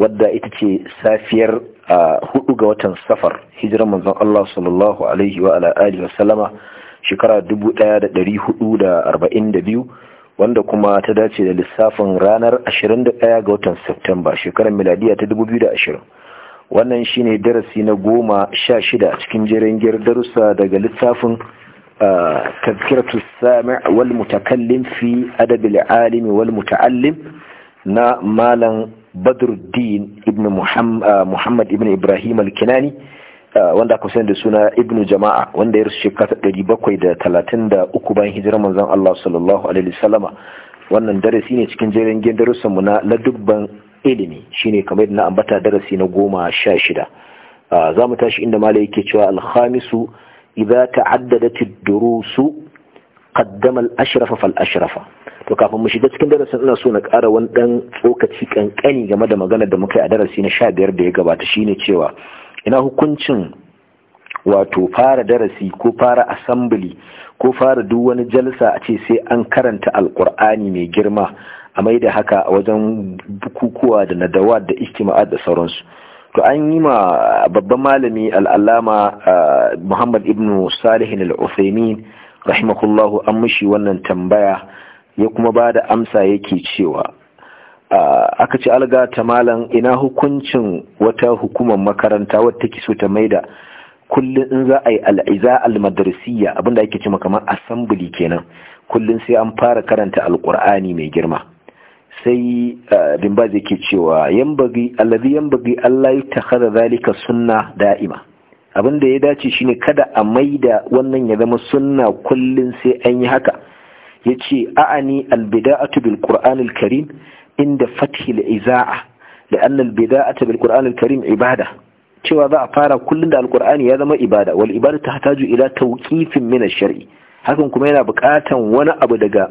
wadda ita ce safiyar a hudu ga watan safar hijirar manzon Allah sallallahu alaihi wa ala wa salama shekara 1442 wanda kuma ta dace da lissafin ranar 21 ga watan Septemba shekarar miladiya ta 2020 wannan shine darasi na goma sha shida cikin jirangiyar darussa daga lissafin tazkiratu sami wal mutakallim fi adabil alimi wal muta'allim na malam badruddin ibn ah, muhammad ibn ibrahim al-kinani ah, wanda aka sani da suna ibn jama'a wanda ya rasu shekara ɗari bakwai da talatin da uku bayan hijirar manzon Allah sallallahu alaihi wasallama wannan darasi ne cikin jerin gindarusan mu na ladubban ilimi shine kamar yadda na ambata darasi na goma sha shida ah, za mu tashi inda malai yake cewa alhamisu idza ta'addadat ad-durusu قدم al-ashrafa fal ashrafa to kafin mu shiga cikin darasin ina so na ƙara wani ɗan tsokaci ƙanƙani game da maganar da muka yi a darasi na sha 15 da ya gabata shine cewa ina hukuncin wato fara darasi ko fara assembly ko fara duk wani jalsa a ce sai an karanta alkur'ani mai girma a mai da haka a wajen bukukuwa da nadawa da ikima'a da sauransu to an yi ma babban malami al'allama ah, muhammad ibn salihin al'uthaimin rahimahullahu an mushi wannan tambaya ya kuma ba da amsa yake cewa aka ci alga ta malam ina hukuncin wata hukumar makaranta wata take so ta maida kullum in za a yi al'iza al madarsiya abinda ake cima kamar assembly kenan kullum sai an fara karanta alkur'ani mai girma sai dimbaz yake cewa yambagi allazi yambagi Allah ya takhadha zalika sunna da'ima abin da ya dace shine kada a maida wannan ya zama sunna kullin sai an yi haka yace a'ani albida'atu bil qur'anil karim inda fatihil iza'a a البداءة بالقرآن الكريم ibada. cewa za a fara kullum da alkur'ani ya zama ibada wal ibada ta ju ila ta min ash-shar'i hakan kuma yana buƙatan wani abu daga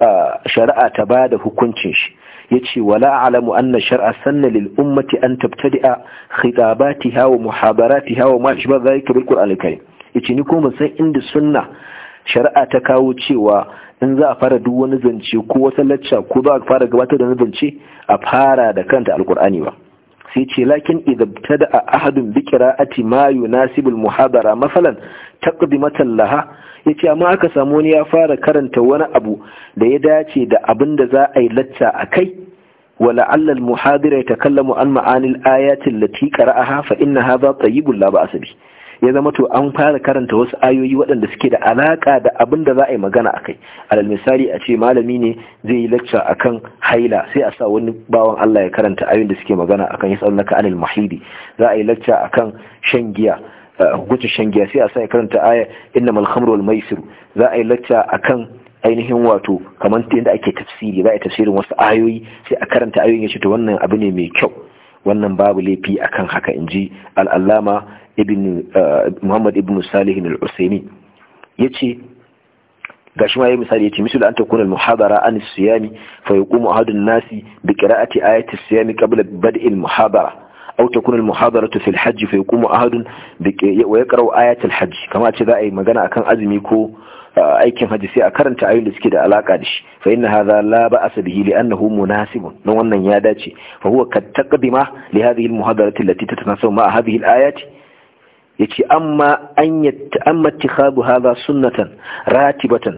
ah, shari'a ta bada hukuncin shi yace wala a'lamu anna shar'a sanna lil ummati an tabtadi'a khitabatiha wa muhadaratiha wa ma shaba zalika bil qur'an al-karim yace ni kuma san inda sunna shari'a ta kawo cewa in za a fara duk wani zance ko wata lacca ko za a fara gabatar da zance a fara da kanta alkur'ani ba sai ce lakin idabtada a ahadun bi qira'ati ma yunasibul muhadara masalan taqdimatan laha yace amma aka samu wani ya fara karanta wani abu da ya dace da abin da za a yi lacca a kai ولعل المحاضر يتكلم عن معاني الآيات التي قرأها فإن هذا طيب لا بأس به ya zama to an fara karanta wasu ayoyi waɗanda suke da alaƙa da abin da za a yi magana akai alal misali a ce malami ne zai yi lecture akan haila sai a sa wani bawan Allah ya karanta ayoyin da suke magana akan yasalunaka anil mahidi za a yi lecture akan shan giya shan giya sai a sa ya karanta aya innamal khamru wal maisir za a yi lecture akan ainihin wato kamar ta yadda ake tafsiri za a tafsirin wasu ayoyi sai a karanta ayoyin ya ce to wannan abu ne mai kyau wannan babu laifi akan haka in ji al'allama uh, muhammad ibn salihin al'usaini ya ce ga shi ma ya misali ya ce misali an takuna muhabara an siyami fa ya kuma ahadun nasi bi qira'ati ayati siyami qabla bad'il muhabara أو تكون hadun في الحج فيقوم أحد ويقرأ آيات الحج كما تذا أي مغانا أكان أزميكو aikin hajji sai a karanta ayoyin da suke da alaka da shi fa ina hadha la ba'sa bihi li annahu munasibun dan wannan ya dace fa huwa kat taqdima li hadhihi al muhadarati allati tatanasabu ma hadhihi al ayati yace amma an yatta amma ittikhadu hadha sunnatan ratibatan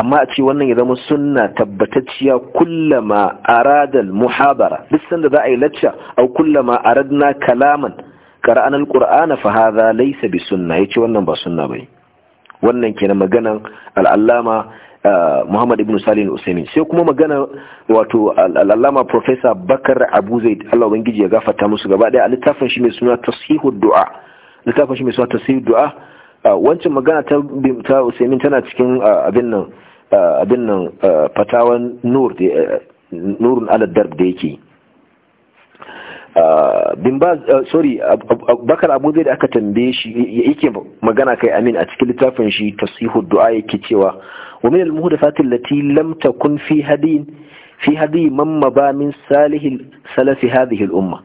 amma a ce wannan ya zama sunna tabbatacciya kullama aradal muhabara duk sanda za a yi lacca au kullama aradna kalaman qara'ana alqur'ana fa hadha laysa bi sunna yace wannan ba sunna bai wannan kenan maganan al'allama uh, Muhammad ibn Salim Usaimin sai kuma magana wato al'allama Professor Bakar Abu Zaid Allah ubangiji ya gafarta musu gaba daya a littafin shi mai suna Tashihud Du'a littafin shi mai suna Tashihud Du'a uh, wancan magana ta ta Usaimin tana cikin uh, abin nan abin nan fatawan nur nurun aladdar da yake bin ba sorry bakar abu zai da aka tambaye shi yake magana kai amin a cikin littafin shi tasihu du'a yake cewa wa min al-muhdathatil lati lam takun fi hadin fi hadi man maba min salih salafi hadhihi al-umma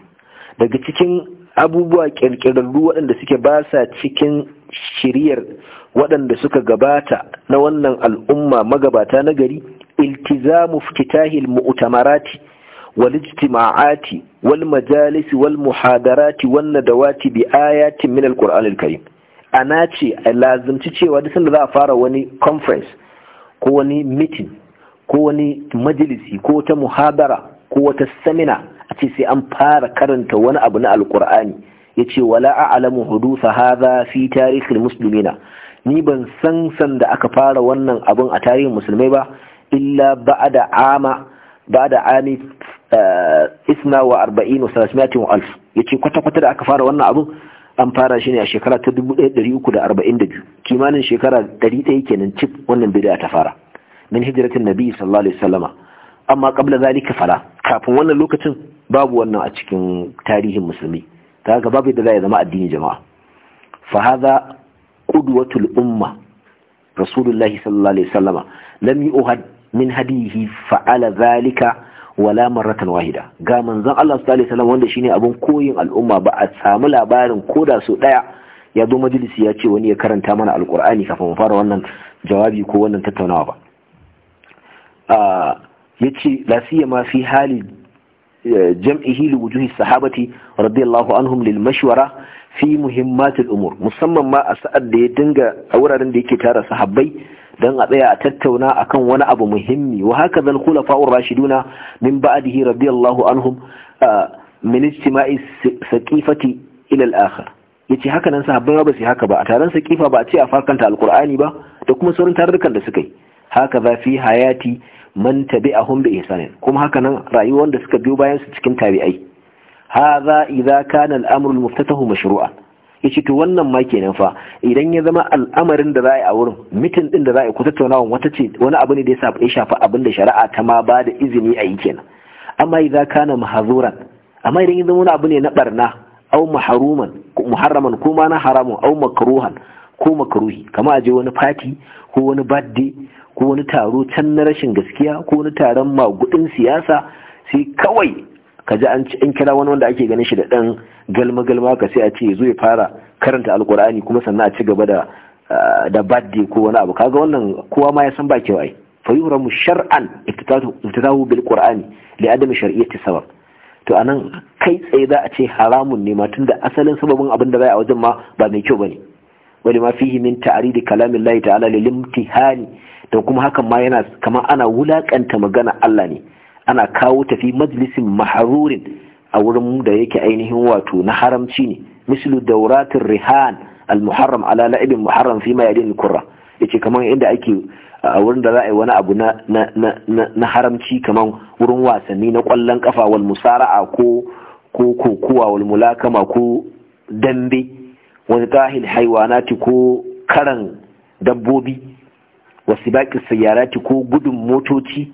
daga cikin abubuwa kirkirarru waɗanda suke ba sa cikin shiriyar waɗanda suka gabata na wannan al'umma magabata na gari iltizamu fitahil mu'tamarati wal ijtima'ati wal majalis wal muhadarati wan nadawati bi ayatin min al-qur'an al-karim ana ce a lazimci cewa duk sanda za a fara wani conference ko wani meeting ko wani majalisi ko ta muhadara, ko wata samina a ce sai an fara karanta wani abu na alkur'ani Ya ce wala a'lamu hudutha hadha fi tarihil muslimina ni ban san san da aka fara wannan abun a tarihin musulmai ba illa ba'da ama ba'da ami eh, isna wa arba'in wa salasmiyatin wa alf Ya ce kwata kwata da aka fara wannan abun an fara shi ne a shekara ta 1342 kimanin shekara 100 kenan cif wannan bid'a ta fara min hijratin nabi sallallahu alaihi wasallama amma qabla zalika fala kafin wannan lokacin babu wannan a cikin tarihin musulmi ta haka babu yadda za ya zama addini jama'a fa hadha qudwatul umma rasulullahi sallallahu alaihi wasallama lam yuhad min hadihi fa'ala zalika wala marratan wahida ga manzon Allah sallallahu alaihi wasallam wanda shine abun koyin al'umma ba a samu labarin ko da su daya ya zo majalisi ya ce wani ya karanta mana alkur'ani kafin mu fara wannan jawabi ko wannan tattaunawa ba ah, ya ce la ma fi hali jam'ihi li wujuhi sahabati radiyallahu anhum lil mashwara fi muhimmatil umur musamman ma a sa'ad da ya dinga a wuraren da yake tara sahabbai dan a tsaya a tattauna akan wani abu muhimmi wa haka zal khulafa'ur rashiduna min ba'dihi radiyallahu anhum min ijtima'i saqifati ila al-akhir yace haka nan ba su haka ba a taron saqifa ba a ce a farkanta alqur'ani ba da kuma sauran tarurrukan da suka yi haka zafi hayati man tabi'ahum bi ihsanin kuma haka nan rayuwar da suka biyo bayan su cikin tabi'ai hadha idza kana al-amru al-muftatahu mashru'an yace to wannan ma kenan fa idan ya zama al'amarin da za a yi a wurin mitin din da za a yi ku tattaunawa wata ce wani abu ne da ya shafa abin da shari'a ta ma ba da izini a yi kenan amma idza kana mahzuran amma idan ya zama wani abu ne na barna au maharuman muharraman ko ma na haramun au makruhan ko makruhi kama je wani fati ko wani badde? ko wani taro can na rashin gaskiya ko wani taron magudin siyasa sai kawai ka ji an kira wani wanda ake ganin shi da ɗan galma-galma ka sai a ce zo ya fara karanta alkur'ani kuma sannan a ci gaba da ah, da badde ko wani abu kaga wannan kowa ma ya san ba kyau ai fa shar'an iftitahu bil qur'ani li adami shar'iyyati sabab to anan kai tsaye za a ce haramun ne ma tunda asalin sababin abin da bai a wajen ma ba mai kyau bane wani ma fihi min ta'aridi kalamin Allah ta'ala lil imtihani Don kuma hakan ma yana kamar ana wulakanta magana Allah ne ana kawo tafi majlisin maharurin a wurin da yake ainihin wato na haramci ne mislu dauratin rihan al-muharram ala la'ibin muharram fi ma yadin kurra yace kamar inda ake a wurin da za a yi wani abu na haramci kamar wurin wasanni na kwallon kafa wal musara'a ko ko kokuwa wal mulakama ko dambe wani tahil haiwanati ko karan dabbobi wasu baƙi sayyarati ko gudun motoci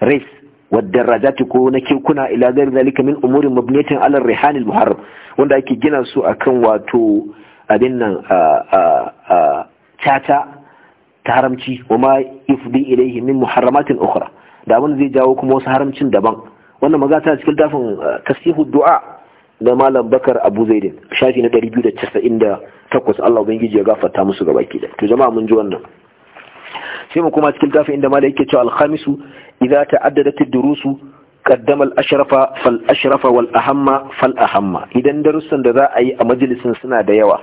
race ta ko na kekuna ila gari zalika min umurin mabniyatin alar rihani muharram wanda ake gina su a kan wato abin nan caca ta haramci wa ma ifdi ilaihi min muharramatin ukhra da abin zai jawo kuma wasu haramcin daban wannan maza ta cikin tafin tasihu du'a na malam bakar abu zaidin shafi na 298 Allah ubangiji ya gafarta musu gabaki da to jama'a mun ji wannan sai mu kuma cikin tafi inda malai yake cewa alhamisu idza ta'addadat ad-durusu qaddama al-ashrafa fal ashrafa wal ahamma fal ahamma idan darussan da za a yi a majalisin suna da yawa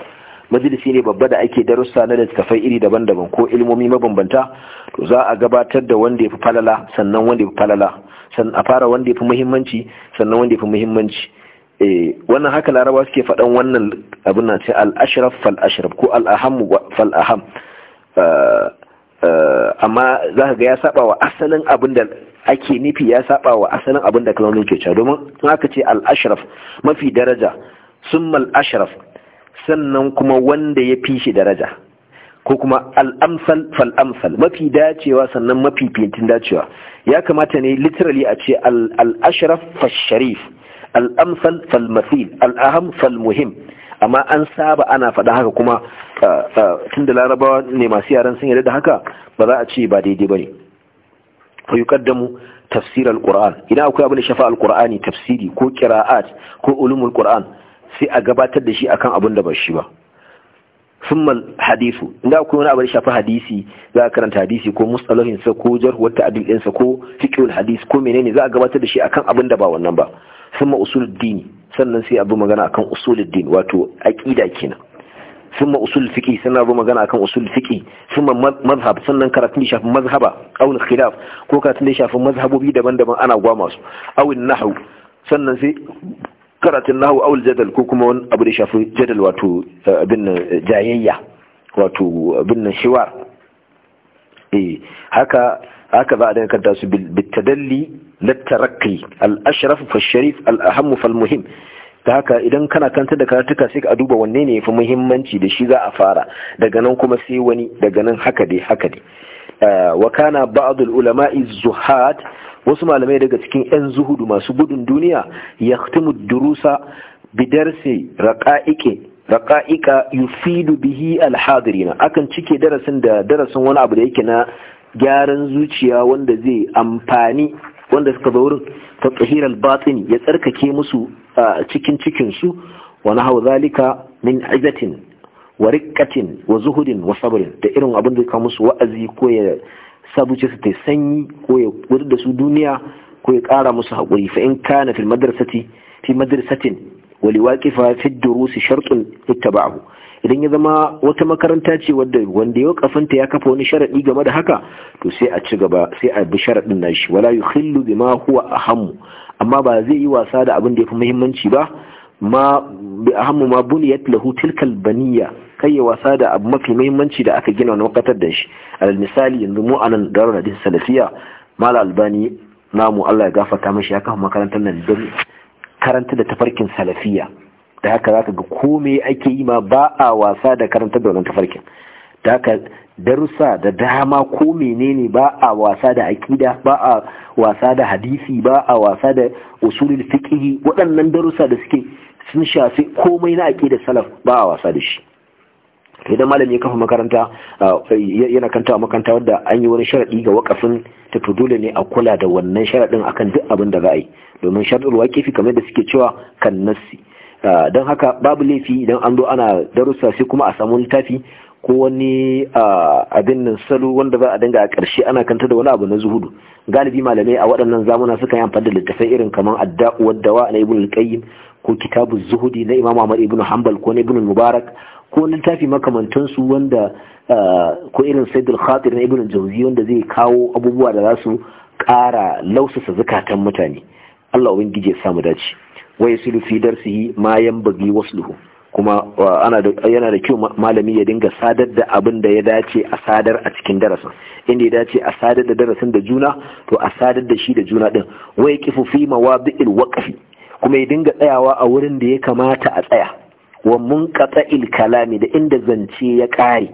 majalisi ne babba da ake darussa na littafai iri daban-daban ko ilmomi mabambanta to za a gabatar da wanda ya fi falala sannan wanda ya fi falala sannan a fara wanda ya fi muhimmanci sannan wanda ya fi muhimmanci eh, wannan haka laraba suke faɗan wannan abin na sai al-ashraf fal ashraf ko al ahamm fal aham ah, Eh, amma za ka ga ya saba wa asalin abin da ake nufi ya saba wa asalin abin da kalmomin ke cewa domin sun aka ce al-ashraf mafi daraja sun summal ashraf sannan kuma wanda ya fi shi daraja ko kuma al'amsal fal'amsal mafi dacewa sannan mafi fintin dacewa ya kamata ne literally a ce al'ashraf fasharif al'amsal falmasil al'aham falmuhim amma an saba ana faɗa haka kuma uh, uh, tun da larabawa ne masu yaran sun yarda da haka ba za a ce ba daidai ba ne fa yuqaddamu tafsir alquran idan akwai abin da shafa alqurani tafsiri ko qira'at ko ulumul qur'an sai a gabatar da shi akan abin da ba shi ba ثم hadisu, inda akwai wani abu shafa hadisi za a karanta hadisi ko mustalahin sa ko jarhuwar ta'dil din ko fiqhul hadisi ko menene za a gabatar da shi akan abin da ba wannan ba summa usuluddin sannan sai abu magana akan usuluddin wato aqida kenan summa usul fiqi sannan abu magana akan usul fiqi summa mazhab sannan karatun shafi mazhaba aw khilaf ko karatun da shafi mazhabobi daban-daban ana gwama su aw nahwu sannan sai karatun nahwu aw jadal ko kuma wani abu da shafi jadal wato eh, abin eh, jayayya wato abin shiwar eh haka haka za a dinga kanta su bitadalli lattarakki al-ashraf fa sharif al ta haka idan kana kanta da karatuka sai ka duba wanne ne fi muhimmanci da shi za a fara daga nan kuma sai wani daga nan haka dai haka dai eh, wa kana ba'd ulama wasu malamai daga cikin 'yan zuhudu masu gudun duniya yahtimu durusa bidarsi raqa'iqi yufidu bihi alhadirina akan cike darasin da darasin wani abu da yake na gyaran zuciya wanda zai amfani wanda suka zo wurin ta tsahirar ya tsarkake musu cikin cikinsu wani hau zalika min izatin wa rikatin wa zuhudin wa sabrin da irin abin da kawo musu wa'azi ko ya sabuce su ta sanyi ko ya gudu da su duniya ko ya ƙara musu haƙuri fa in kana fil madrasati fi madrasatin wa liwaqifa fi durusi shartun ittaba'ahu idan ya zama wata makaranta ce wadda wanda ya kafanta ya kafa wani sharadi game da haka to sai a ci gaba sai a bi sharadin nashi wala yukhillu bima huwa aham amma ba zai yi wasa da abin da yafi muhimmanci ba ma bi ahamu ma buniyat lahu tilkal baniya kai ya wasa da abu mafi muhimmanci da aka gina wani wakatar da shi alal misali yanzu mu anan darul da salafiya mal albani namu Allah ya gafarta mashi ya kafa makarantar nan don karanta da tafarkin salafiya da haka za zaka ga kome ake yi ma ba a wasa da karantar da wannan tafarkin da haka darussa da dama ko menene ba a wasa da aƙida ba a wasa da hadisi ba a wasa da usulul fiqh waɗannan darussa da suke sun shafi komai na aƙida salaf ba a wasa da shi idan malami ya kafa makaranta yana kanta makaranta wadda an yi wani sharaɗi ga wakafin ta to dole ne a kula da wannan sharadin akan duk abin da za a yi domin sharadul waqifi kamar da suke cewa kan nassi Ah, don haka babu laifi idan an zo ana darussa sai kuma a samu littafi ko wani ah, abin nan salo wanda za a dinga a ƙarshe ana kanta da wani abu na zuhudu galibi malamai a waɗannan zamuna suka yi amfani da littafai irin kamar adda'u dawa na ibn al-qayyim ko kitabu zuhudi na imam ahmad ibn hanbal ko na ibn mubarak ko littafi makamantan su wanda ah, ko irin sayyidul khatir na ibn jawzi wanda zai kawo abubuwa da za su ƙara lausasa zukatan mutane Allah ubangiji ya samu dace Wai Sulu fi darsihi ma yanbaghi wasluhu kuma yana da kyau malami ya dinga sadar da abin da ya dace a sadar a cikin darasin inda ya dace a sadar da darasin da juna to a sadar da shi da juna din wai kifu fi mawadi'il waqfi kuma ya dinga tsayawa a wurin da ya kamata a tsaya wa munqata'il kalami da inda zance ya kare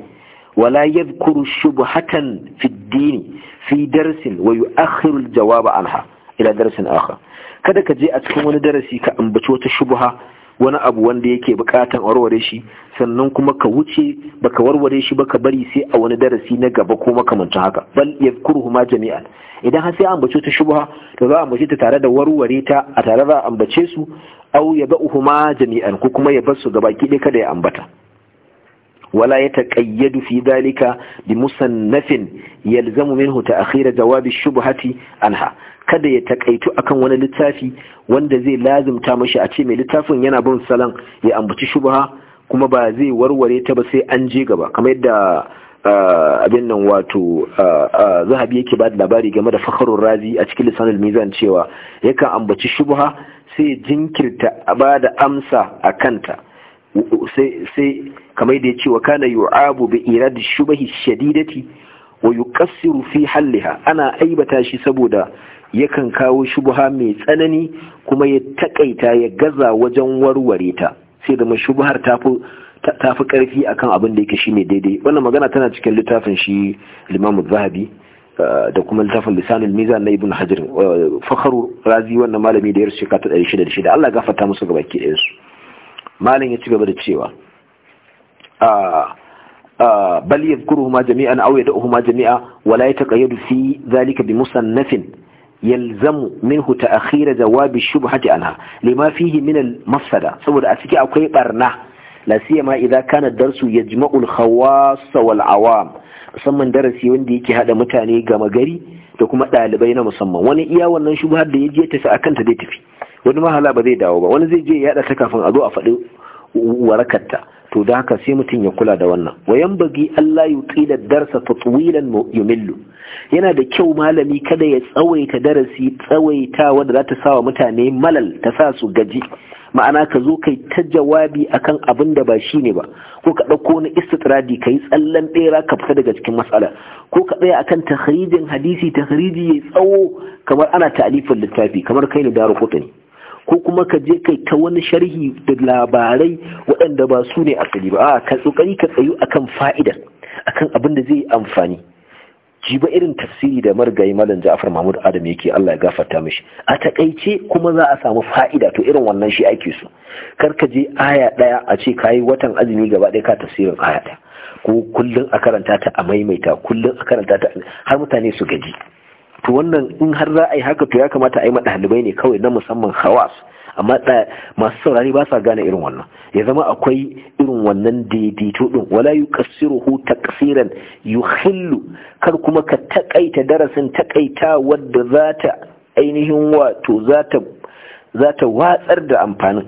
wala yadhkuru shubhatan fi dini fi darsin wa yu'akhiru al-jawaba anha ila darsin akhar kada ka je a cikin wani darasi ka ambaci wata shubha wani abu wanda yake bukatan warware shi sannan kuma ka wuce baka warware shi baka bari sai a wani darasi na gaba ko makamantan haka bal yadhkuruhu ma jami'an idan har sai an ambace ta shubha to za a ambace ta tare da warware ta a tare za a ambace su au yad'uhu ma jami'an ko kuma ya bar su gabaki ɗaya kada ya ambata Wala ya ولا يتقيد في ذلك بمصنف يلزم منه تأخير جواب الشبهة anha kada ya takaitu akan wani littafi wanda zai lazimta mashi a ce mai littafin yana bin salon ya ambaci shubha kuma ba zai warware ta ba sai an je gaba kamar yadda abin nan wato zahabi yake ba da labari game da fakarun razi a cikin lisanul mizan cewa yakan ambaci shubha sai jinkirta a ba da amsa a kanta sai kamar da ya ce wa kana yu'abu bi shubahi shubhi shadidati wa yuqassiru fi halliha ana aibata shi saboda yakan kawo shubha mai tsanani kuma ya takaita ya gaza wajen warware ta sai da shubhar ta fi a karfi akan abin da yake mai daidai wannan magana tana cikin littafin shi limamu Zahabi eh, da kuma littafin Lisanul Mizan na Ibn Hajar eh, Fakhru Razi wannan malami da yarsu shekara shida Allah gafarta musu gabaki ɗaya su malam ya ci gaba da cewa ah, ah, bal yadhkuruhuma jami'an aw yad'uhuma jami'a wa la yataqayyadu fi dhalika bi musannafin yalzamu minhu ta'khir jawabi shubhati anha lima fihi min mafsada saboda a ciki akwai ɓarna. la siyama idza kana darsu yajma'u al-khawas wal awam musamman darasi wanda yake haɗa mutane gama gari da kuma ɗalibai na musamman wani iya wannan shubhar da yaje tafi akan ta zai tafi wani mahala ba zai dawo ba wani zai je ya yada ta kafin a zo a faɗi warakarta to da haka sai mutum ya kula da wannan wayan bagi Allah ya tsila darsa tatwilan yumillu yana da kyau malami kada ya tsawaita darasi tsawaita wanda za ta sawa mutane malal ta sa su gaji ma'ana ka zo kai ta jawabi akan abin da ba shine ba ko ka ɗauko wani istitradi ka yi tsallan ɗera ka fita daga cikin matsala ko ka tsaya akan tahrijin hadisi tahriji ya tsawo kamar ana ta'alifin littafi kamar kai ne da rukutuni ko kuma ka je kai ta wani sharhi da labarai waɗanda ba su ne asali ba a ka tsokari ka tsayu akan fa'ida akan abin da zai amfani ji ba irin tafsiri da margayi malam Ja'far Mahmud Adam yake Allah ya gafata mishi a takaice kuma za a samu fa'ida to irin wannan shi ake su. kar ka je aya ɗaya a ce kai watan azumi gaba ɗaya ka tafsirin aya daya ko kullun a karanta ta a maimaita kullun a karanta ta har mutane su gaji to wannan in har za a yi haka to ya kamata a yi ɗalibai ne kawai na musamman hawas amma masu saurari ba sa gane irin wannan ya zama akwai irin wannan daidaito din wala yuqassiruhu taqsiran yuhillu kar kuma ka takaita darasin takaita wadda za ta ainihin wato za ta za ta watsar da amfanin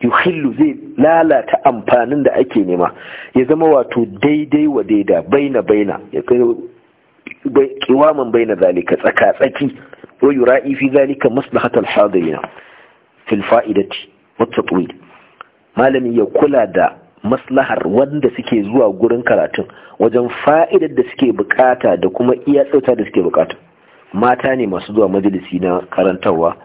yuhillu zai lalata amfanin da ake nema ya zama wato daidai wa daida baina baina kiwaman baina zalika tsaka tsaki wa yura'i fi zalika maslahatal hadirin fil fa'idati wa tatwil malami ya kula da maslahar wanda suke zuwa gurin karatun wajen fa'idar da suke bukata da kuma iya tsauta da suke bukata mata ne masu zuwa majalisi na karantarwa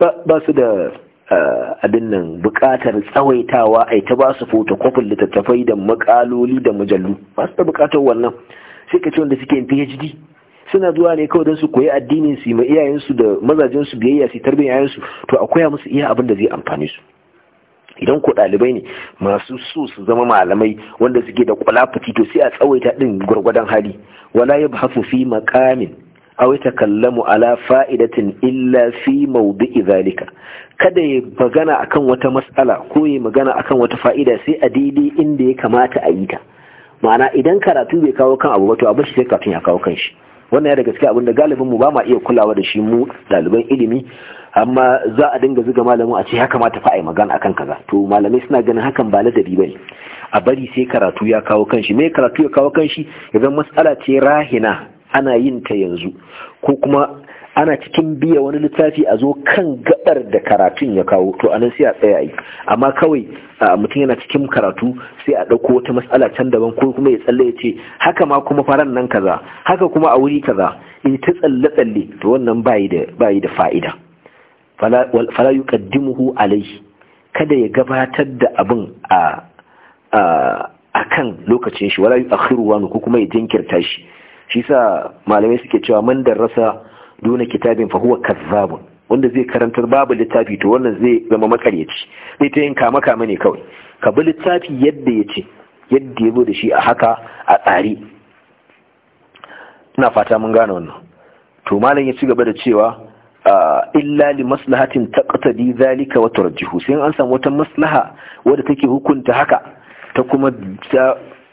ba su da eh, abin nan bukatar tsawaitawa a ta ba su kwafin littattafai da makaloli da mujallu ba su da bukatar wannan sai ka ce wanda suke yin PhD suna zuwa ne kawai don su koyi addinin su ma iyayen su da mazajen su biyayya su tarbiyyar yayan su to a koya musu iya abin da zai amfani su idan ko ɗalibai ne masu so su zama malamai wanda suke da kwalafuti to sai a tsawaita din gwargwadon hali wala yabhasu fi maqamin aw yatakallamu ala fa'idatin illa fi mawdi'i zalika kada ya magana akan wata mas'ala ko ya magana akan wata fa'ida sai a daidai inda ya kamata a yi ta ma'ana idan karatu bai kawo kan abu ba to abin shi sai karatun ya kawo kan shi wannan ya da gaske abinda galibin mu ba ma iya kulawa da shi mu ɗaliban ilimi amma za a dinga zuga malamin a ce ya kamata fa a yi magana akan kaza to malamai suna ganin hakan ba ladabi ba ne a bari sai karatu ya kawo kan shi. me karatu ya kawo kan shi? idan matsala ce rahina ana yin ta yanzu ko kuma ana cikin biya wani littafi a zo kan gabar da karatun ya kawo to anan sai a tsaya yi amma kawai mutum yana cikin karatu sai a ɗauko wata matsala can daban ko kuma ya tsalle ya ce haka ma kuma faran nan kaza haka kuma a wuri kaza in ta tsalle tsalle to wannan bayi da bayi da fa'ida fala yuqaddimuhu alayhi kada ya gabatar da abin a a kan lokacin shi wala yu'akhiru wa ko kuma ya jinkirta shi shi sa malamai suke cewa man darasa duna kitabin fa huwa wanda zai karantar babu littafi to wannan zai zama makaryaci zai ta yin kama kama ne kawai ka bi littafi yadda ya ce yadda ya zo da shi a haka a tsari ina fata mun gane wannan to malam ya ci gaba da cewa illa li maslahatin taqtadi zalika wa turjihu sai an samu wata maslaha wadda take hukunta haka ta kuma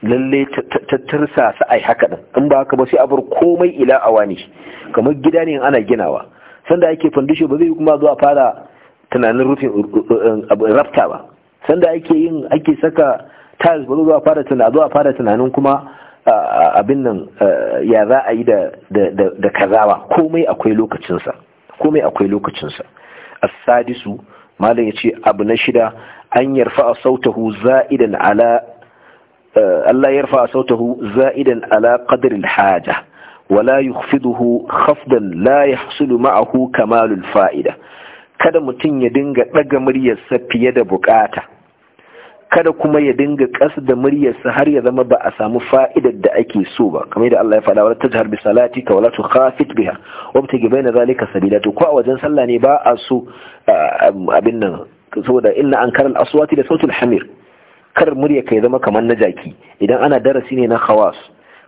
lalle ta tursa su ai haka din in ba haka ba sai a bar komai ila awani kamar gida ne ana ginawa sanda ake fandisho ba zai yi kuma zuwa fara tunanin rufin uh, uh, um, rafta ba sanda ake yin ake saka tiles ba zuwa fara tunanin zuwa fara tunanin kuma uh, abin nan ya za a yi da da kaza ba komai akwai lokacinsa komai akwai lokacinsa as-sadisu malam yace abu na shida an yarfa sautahu za'idan ala Allah ya rufa sautahu za'idan ala qadril haja wala yukhfiduhu khafdan la yahsulu ma'ahu kamalul fa'ida kada mutum ya dinga ɗaga muryarsa fiye da bukata kada kuma ya dinga ƙasa da muryarsa har ya zama ba a samu fa'idar da ake so ba kamar da Allah ya faɗa wala tajar bi salati ka wala tukhafit biha wa btagi baina zalika sabila to ko a wajen sallah ne ba a so abin nan saboda inna an al-aswati da sautul hamir kar murya ka zama kamar na jaki idan ana darasi ne na khawas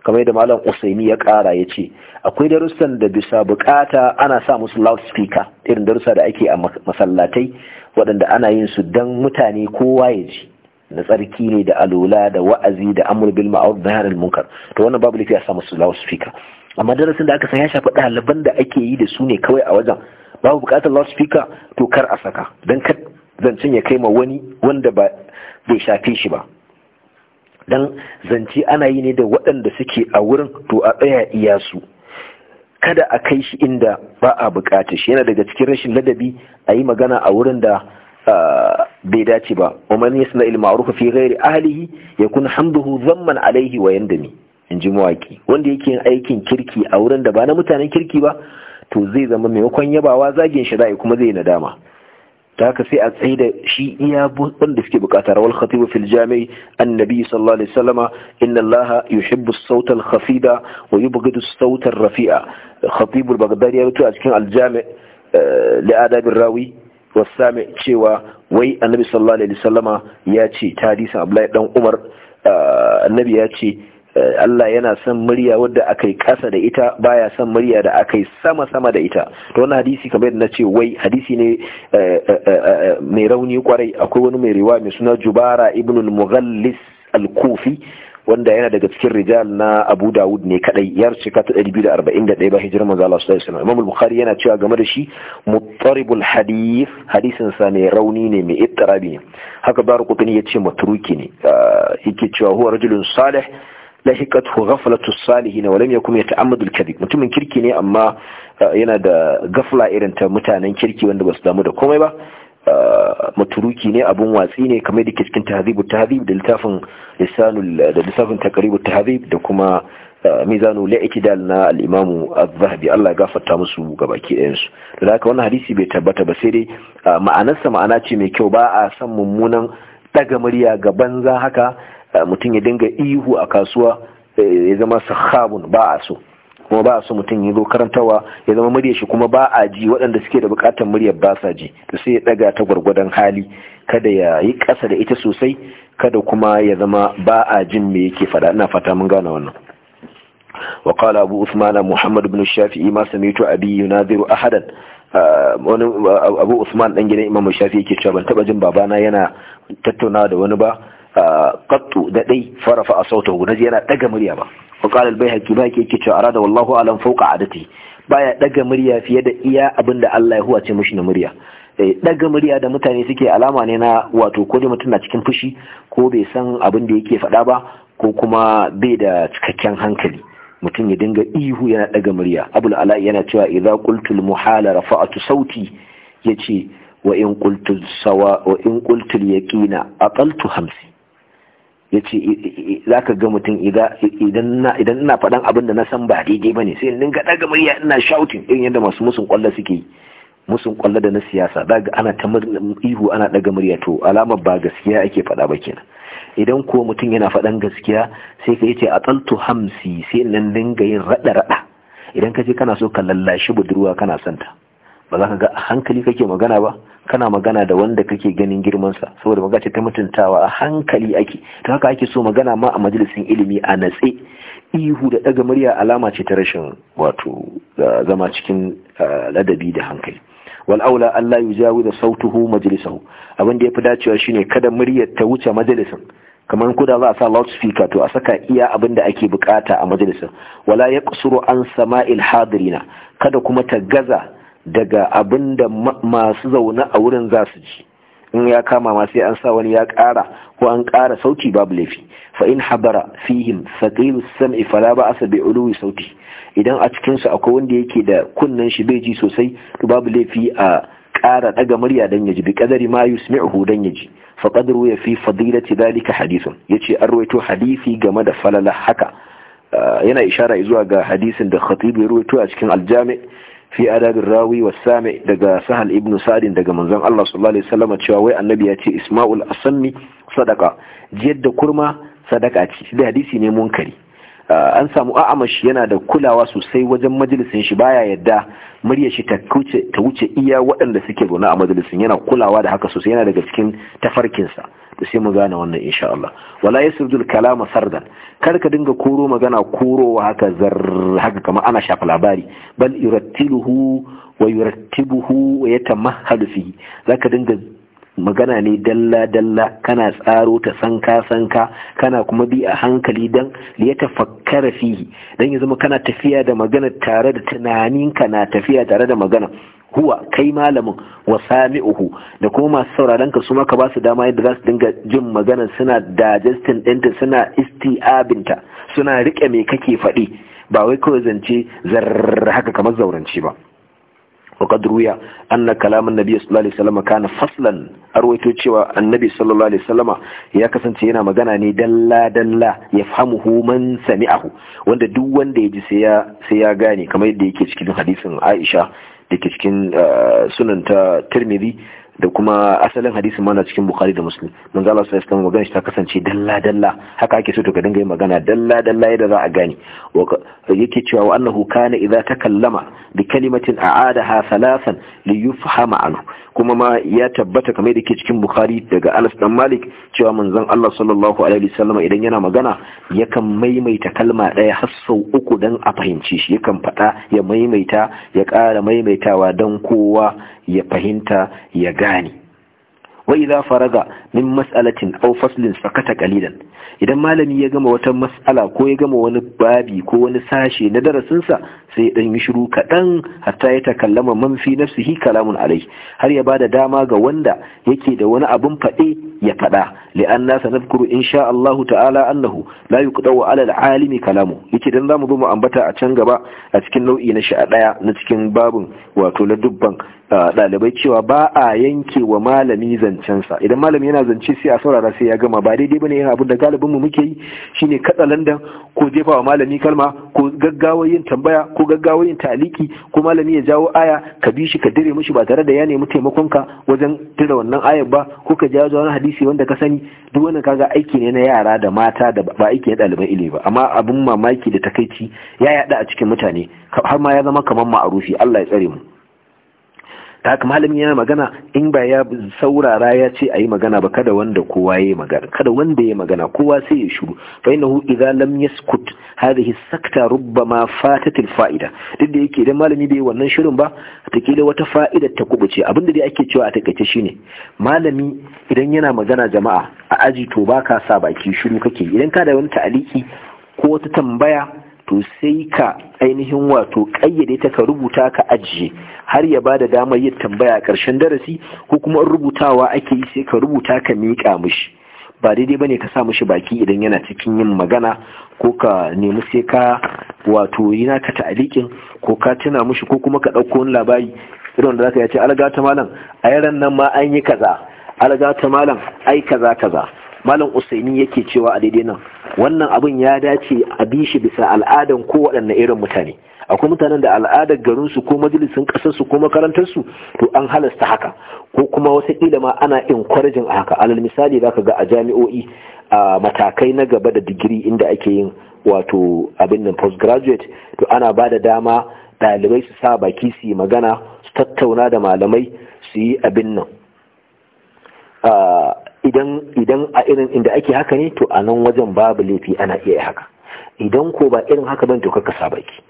kamar yadda malam usaimi ya kara ya ce akwai darussan da bisa bukata ana sa musu loudspeaker irin darussa da ake a masallatai waɗanda ana yin su don mutane kowa ya ji na tsarki ne da alola da wa'azi da amur bil ma'ruf da munkar to wannan babu lafiya sa musu loudspeaker amma darasin da aka san ya shafi ɗaliban da ake yi da su ne kawai a wajen babu bukatar loudspeaker to kar a saka don kar zancen ya kai ma wani wanda ba bai shafe shi ba dan zance ana yi ne da waɗanda suke a wurin to a tsaya iya su kada a kai shi inda ba a bukatar shi yana daga cikin rashin ladabi a yi magana a wurin da bai dace ba wa ne suna il ma'ruf fi ghairi ahlihi yakun hamduhu zamman alaihi wa yandami in ji mawaƙi. wanda yake yin aikin kirki a wurin da ba na mutanen kirki ba to zai zama maimakon yabawa zagin shi za'i kuma zai nadama ta haka sai a tsaye da shi iya wanda suke bukata rawal khatibu fil jami'i annabi sallallahu alaihi wasallama inna allah yuhibbu as-sawt al-khafida wa yubghidu as-sawt ar-rafi'a khatibu al-baghdadi ya rubuta a cikin al-jami' eh, li adab ar-rawi was-sami' cewa wai annabi sallallahu alaihi wasallama ya ce ta hadisin abdullahi dan umar eh, annabi ya ce Allah yana son murya wadda aka yi kasa da ita baya son murya da aka yi sama-sama da ita to wani hadisi kamar yadda na ce wai hadisi ne eh, eh, eh, mai rauni kwarai akwai wani mai riwa mai suna jubara ibn mughallis al-kufi wanda yana daga cikin rijal na Abu Dawud ne kadai ya cika ta 241 ba hijirar manzo Allah sallallahu alaihi wasallam Imam Bukhari yana cewa game da shi muttaribul hadith hadisin sa ne rauni ne mai ittirabi ne haka ya yace matruki ne ah, yake cewa huwa rajulun salih lahiqathu ghaflatu salihin wa lam yakun yata'ammadu al-kadhib mutumin kirki ne amma uh, yana da gafla irin ta mutanen kirki wanda basu damu da komai ba uh, maturuki ne abun watsi ne kamar da cikin tahzibu tahzib da littafin lisanul uh, da litafin taqribu tahzib da kuma mizanu li'tidal na al-imam az-zahabi Allah ya gafarta musu gabaki ɗayan su da haka wannan hadisi bai tabbata ba sai dai ma'anarsa ma'ana ce mai kyau ba a san mummunan daga murya ga banza haka Eh, mutum ya dinga ihu a kasuwa eh, ya zama sahabun ba a so kuma ba a so mutum ya zo karantawa ya zama murya shi kuma ba a ji waɗanda suke da buƙatar muryar ba sa ji to sai ya ɗaga ta gwargwadon hali kada ya yi ƙasa da ita sosai kada kuma ya zama ba a jin me yake faɗa ina fata mun gane wannan وقال أبو عثمان محمد بن الشافعي ما سمعت أبي يناذر أحدا wani abu usman ɗan gidan imam shafi yake cewa ban taba jin babana yana tattauna da wani ba qattu da dai farafa a sautahu naji yana daga murya ba wa qala al-bayhaqi ba yake cewa arada wallahu alam fawqa adati baya daga murya fiye da iya abinda Allah ya huwace mishi na murya daga murya da mutane suke alama ne na wato ko da mutum na cikin fushi ko bai san abin da yake faɗa ba ko kuma bai da cikakken hankali mutum ya dinga ihu yana daga murya abul ala yana cewa idza qultul muhala rafa'tu sauti yace wa in qultul sawa wa in qultul yaqina aqaltu hamsi ya ce za ka ga mutum idan ina faɗan abin da na san ba daidai ba ne sai in dinga ɗaga murya ina shautin, irin yadda masu musun ƙwallo suke musun ƙwallo da na siyasa daga ana ta ihu ana ɗaga murya to alamar ba gaskiya ake faɗa ba kenan idan ko mutum yana faɗan gaskiya sai ka yi ce a tsaltu hamsi sai nan dinga yin raɗa raɗa idan ka je kana so ka lallashi budurwa kana santa ba za ka ga a hankali kake magana ba kana magana da wanda kake ganin girmansa saboda magana ce ta mutuntawa a hankali ake ta haka ake so magana ma a majalisin ilimi a natse ihu da ɗaga murya alama ce ta rashin wato zama cikin ladabi da hankali wal aula Allah yujawiza sautuhu majlisahu abin da yafi dacewa shine kada muryar ta wuce majalisin kamar ko da za a sa loudspeaker to a saka iya abin da ake bukata a majalisin wala yaqsuru an sama'il hadirina kada kuma ta gaza daga abin da masu zaune a wurin za su ji in ya kama masu sai an sa wani ya kara. ko an ƙara sauti babu laifi fa in habara fihim saqilu sam'i fala ba asa bi ulwi sauti idan a cikin su akwai wanda yake da kunnan shi bai ji sosai to babu laifi a ƙara ɗaga murya dan yaji bi kadari ma yusmi'uhu dan yaji fa qadru ya fi fadilati dalika hadithun yace an ruwaito hadisi game da falala haka ah, yana ishara zuwa ga hadisin da khatib ya ruwaito a cikin aljami' fi adabin rawi wa sami daga sahal ibnu sa'adin daga manzon Allah sallallahu alaihi wasallam cewa wai annabi ya ce isma'ul asammi sadaka jiyar da kurma sadaka ce da hadisi ne munkari an samu a'amash yana da kulawa sosai wajen majalisin shi baya yadda murya shi ta wuce iya waɗanda suke zaune a majalisin yana kulawa da haka sosai yana daga cikin tafarkinsa to sai mu gane wannan insha Allah wala yasrudul kalama sardan kar ka dinga koro magana korowa haka zar haka kamar ana shafa labari bal yurattiluhu wa yurattibuhu wa yatamahhalu fihi zaka dinga magana ne dalla-dalla kana tsaro ta sanka-sanka kana kuma bi a hankali don ya tafakkara fihi don ya zama kana tafiya da magana tare da tunaninka na tafiya tare da magana huwa kai malamin wa sami'uhu da kuma masu sauraron ka suma ka ba su dama yadda za su dinga jin magana suna digestin ɗinta suna isti'abinta suna riƙe mai kake faɗi ba wai kawai zance zarrar haka kamar zaurance ba وقد روي أن كلام النبي صلى الله cewa annabi sallallahu ya kasance yana magana ne dalla dalla yafhamuhu man sami'ahu wanda duk wanda ya ji sai ya gane kamar yadda yake cikin hadisin Aisha da ke cikin sunan ta da kuma asalin hadisi mana cikin bukhari da muslim manzo Allah sallallahu alaihi magana shi ta kasance dalla dalla haka ake so to ka dinga yin magana dalla dalla yadda za a gane yake cewa wa annahu kana idza takallama bi kalimatin a'adaha thalathan li yufhama anhu kuma ma ya tabbata kamar yadda ke cikin bukhari daga Anas dan Malik cewa manzon Allah sallallahu alaihi wasallam idan yana magana yakan maimaita kalma daya har sau uku dan a fahimci shi yakan fada ya maimaita ya kara maimaitawa dan kowa ya fahimta ya gane gane wa idza faraga min mas'alatin aw faslin sakata qalilan idan malami ya gama wata mas'ala ko ya gama wani babi ko wani sashe na darasinsa, sai dan yi shiru kaɗan, hatta ya takallama man fi nafsihi kalamun alai har ya bada dama ga wanda yake da wani abun fade ya fada li'anna sanadkuru insha Allah ta'ala annahu la yuqdawu 'ala al-alimi kalamu yake dan zamu zo mu ambata a can gaba a cikin nau'i na sha ɗaya na cikin babun wato na dubban Dalibai cewa ba a yanke wa malami zancensa idan malami yana zance sai a saurara sai ya gama ba daidai bane yin abin da galibin mu muke yi shine katsa landan ko jefa wa malami kalma ko gaggawar yin tambaya ko gaggawar yin taliki ko malami ya jawo aya ka bi shi ka dire mishi ba tare da ya nemi taimakon ka wajen tura wannan ayar ba ko ka jawo wani hadisi wanda ka sani duk wannan kaga aiki ne na yara da mata da ba aiki na ɗaliban ilimi ba amma abin mamaki da takaici ya yada a cikin mutane har ma ya zama kamar ma'arufi Allah ya tsare mu ta haka malami yana magana in ba ya saurara ya ce a yi magana ba kada wanda kowa ya yi magana kada wanda ya magana kowa sai ya shuru fa hu idan lam yaskut hadhihi sakta rubbama fatat al fa'ida duk da yake idan malami bai wannan shirin ba takila wata fa'ida ta kubuce abinda dai ake cewa a takaice shine malami idan yana magana jama'a a aji to baka sa baki shiru kake idan ka da wani ta'aliki ko wata tambaya to sai ka ainihin wato ƙayyade ta ka rubuta ka ajiye har ya bada damar yin tambaya a ƙarshen darasi ko kuma rubutawa ake yi sai ka rubuta ka miƙa mishi ba daidai bane ka sa mishi baki idan yana cikin yin magana ko ka nemi sai ka wato yi naka ta'alikin ko ka tuna mishi ko kuma ka ɗauko wani labari irin da zaka ya ce alga ta malam a yaran nan ma an yi kaza alga ta malam ai kaza kaza malam usaini yake cewa a daidai nan wannan abin ya dace a bi shi bisa al'adan ko waɗanne irin mutane akwai mutanen da al'adar garinsu ko majalisun ƙasarsu ko makarantarsu to an halasta haka ko kuma wataƙila ma ana encouraging a haka alal misali za ka ga a jami'o'i a matakai na gaba da digiri inda ake yin wato abin nan postgraduate to ana ba da dama ɗalibai su sa baki su yi magana su tattauna da malamai su yi abin nan ah, idan a irin inda ake haka ne to a nan wajen babu laifi ana iya haka idan ko ba irin haka ban to kaka saba ki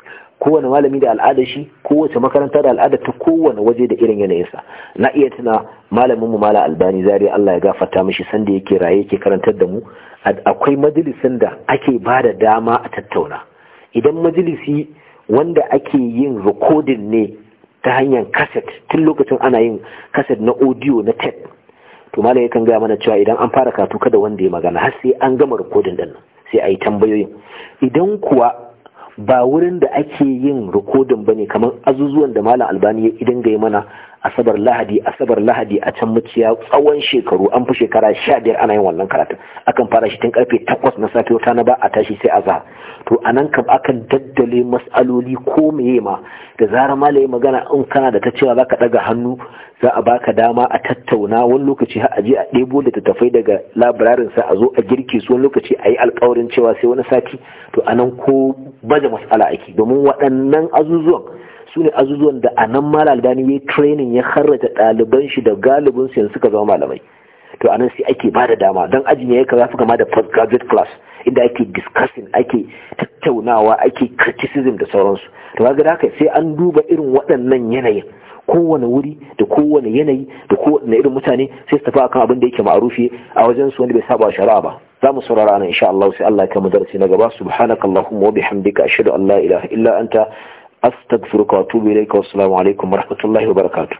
kowane malami da al'adar shi kowace makaranta da al'ada, ta kowane waje da irin yanayinsa na iya tuna malamin mu mala albani zari Allah ya gafarta mishi sanda yake raye yake karantar da mu akwai majalisin da ake ba da dama a tattauna idan majalisi wanda ake yin rikodin ne ta hanyar kaset tun lokacin ana yin kaset na audio na tape to malam yakan gaya mana cewa idan an fara karatu kada wanda ya magana har sai an gama rikodin din sai ayi yi tambayoyin idan kuwa ba wurin da ake yin rikodin ba ne kamar azuzuwan da malam albani ya idan ga mana asabar lahadi asabar lahadi a can muciya tsawon shekaru an fi shekara sha biyar ana yin wannan karatun akan fara shi tun karfe takwas na safe wata na ba a tashi sai azhar to a nan akan daddale mas'aloli ko meye ma da zara ma layi magana in kana da ta cewa za ka ɗaga hannu za a baka dama a tattauna wani lokaci har a je a ɗebo da littattafai daga labirarin sa a zo a girki su wani lokaci a yi alkawarin cewa sai wani sati to a nan ko baje mas'ala ake domin waɗannan azuzuwan su ne azuzuwan da a nan ma ya training ya harrata ɗaliban shi da galibin su yanzu suka zama malamai to a nan sai ake ba da dama don aji ya ya kaza fi kama da postgraduate class inda ake discussing ake tattaunawa ake criticism da sauransu to ga da haka sai an duba irin waɗannan yanayin kowane wuri da kowane yanayi da kowane irin mutane sai su tafi akan abin da yake marufi a wajen su wanda bai saba shari'a ba za mu saurara ana insha Allah sai Allah ya mu darasi na gaba subhanakallahumma wa bihamdika ashhadu an la ilaha illa anta astaghfiruka wa atubu ilaika wassalamu alaikum warahmatullahi wabarakatuh